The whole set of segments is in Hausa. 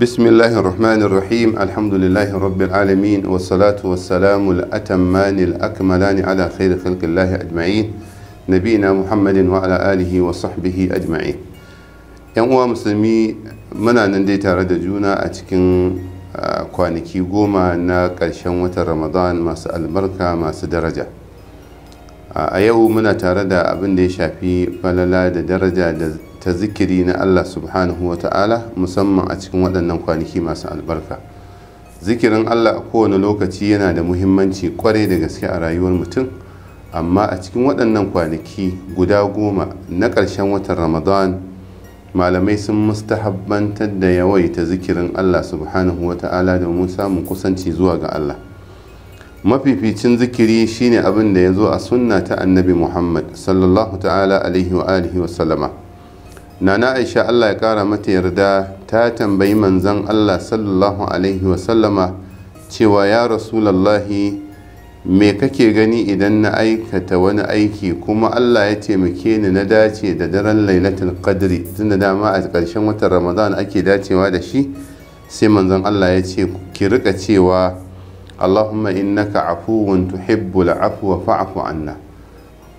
بسم الله الرحمن الرحيم الحمد لله رب العالمين والصلاة والسلام الأتمان الأكملان على خير خلق الله أجمعين نبينا محمد وعلى آله وصحبه أجمعين yan مسلمي منا muna nan جونا أتكن da قوما ناك الشموة kwanaki ما سأل ƙarshen ما سدرجة masu a yau muna tare da abin da ya shafi falala da daraja da ta zikiri na Allah subhanahu wa ta'ala musamman a cikin waɗannan kwanaki masu albarka zikirin Allah a kowane lokaci yana da muhimmanci kwarai da gaske a rayuwar mutum amma a cikin waɗannan kwanaki guda goma na ƙarshen watan ramadan malamai sun mustahabbantar da yawaita zikirin Allah subhanahu wa ta'ala domin samun kusanci zuwa ga Allah mafificin zikiri shine abin da ya zo a sunna ta annabi muhammad sallallahu ta'ala alaihi wa alihi wa nana aisha allah ya kara mata yarda ta tambayi manzan allah sallallahu alaihi wa cewa ya rasulallahi me kake gani idan na aikata wani aiki kuma allah ya taimake ni na dace da daren lailatul qadri tunda dama a karshen watan ramadan ake dacewa da shi sai manzon allah ya ce ki rika cewa allahumma innaka afuwun tuhibbul afwa fa'fu anna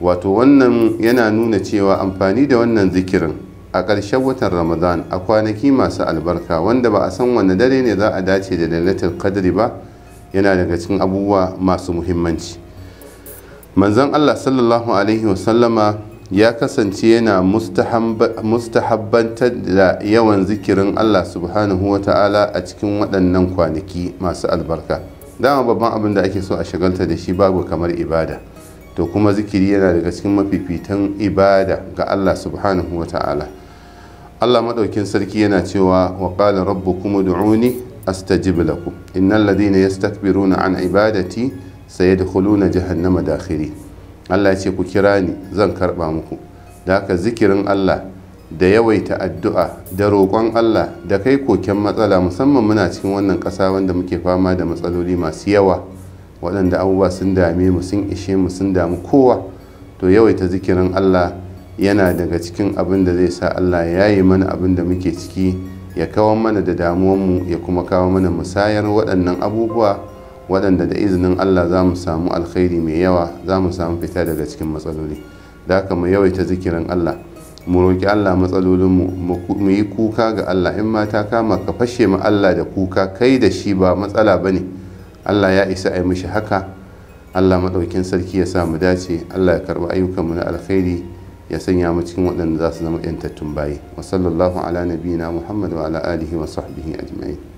wato wannan yana nuna cewa amfani da wannan zikirin a ƙarshen watan ramadan a kwanaki masu albarka wanda ba a san wanne dare ne za a dace da lailatul kadari ba yana daga cikin abubuwa masu muhimmanci manzon allah sallallahu alaihi wasallama ya kasance yana mustahabbantar da yawan zikirin allah subhanahu wa ta'ala a cikin waɗannan kwanaki masu albarka dama babban abin da ake so a shagalta da shi babu kamar ibada to kuma zikiri yana daga cikin mafifitan ibada ga Allah subhanahu wa ta'ala Allah maɗaukin sarki yana cewa wa qala rabbukum ud'uni astajib lakum innal ladina yastakbiruna an ibadati sayadkhuluna jahannama dakhiri Allah ya ce ku kira ni zan karba muku da haka zikirin Allah da yawaita addu'a da roƙon Allah da kai koken matsala musamman muna cikin wannan ƙasa wanda muke fama da matsaloli masu yawa waɗanda abubuwa sun dame mu sun ishe mu sun damu kowa to yawaita zikirin Allah yana daga cikin abin da zai sa Allah ya yi mana abin da muke ciki ya kawo mana da damuwanmu ya kuma kawo mana musayar waɗannan abubuwa waɗanda da izinin Allah za mu samu alkhairi mai yawa za mu samu fita daga cikin matsaloli da ka mu yawaita zikirin Allah mu roƙi Allah matsalolinmu mu yi kuka ga Allah in mata kama ka fashe ma Allah da kuka kai da shi ba matsala ba ne Allah ya isa a yi mishi haka Allah maɗaukin sarki ya samu dace Allah ya karɓi ayyukanmu na alkhairi ya sanya mu cikin waɗanda za su zama 'yantattun bayi wa sallallahu ala nabiyina muhammad wa ala alihi wa sahbihi ajma'in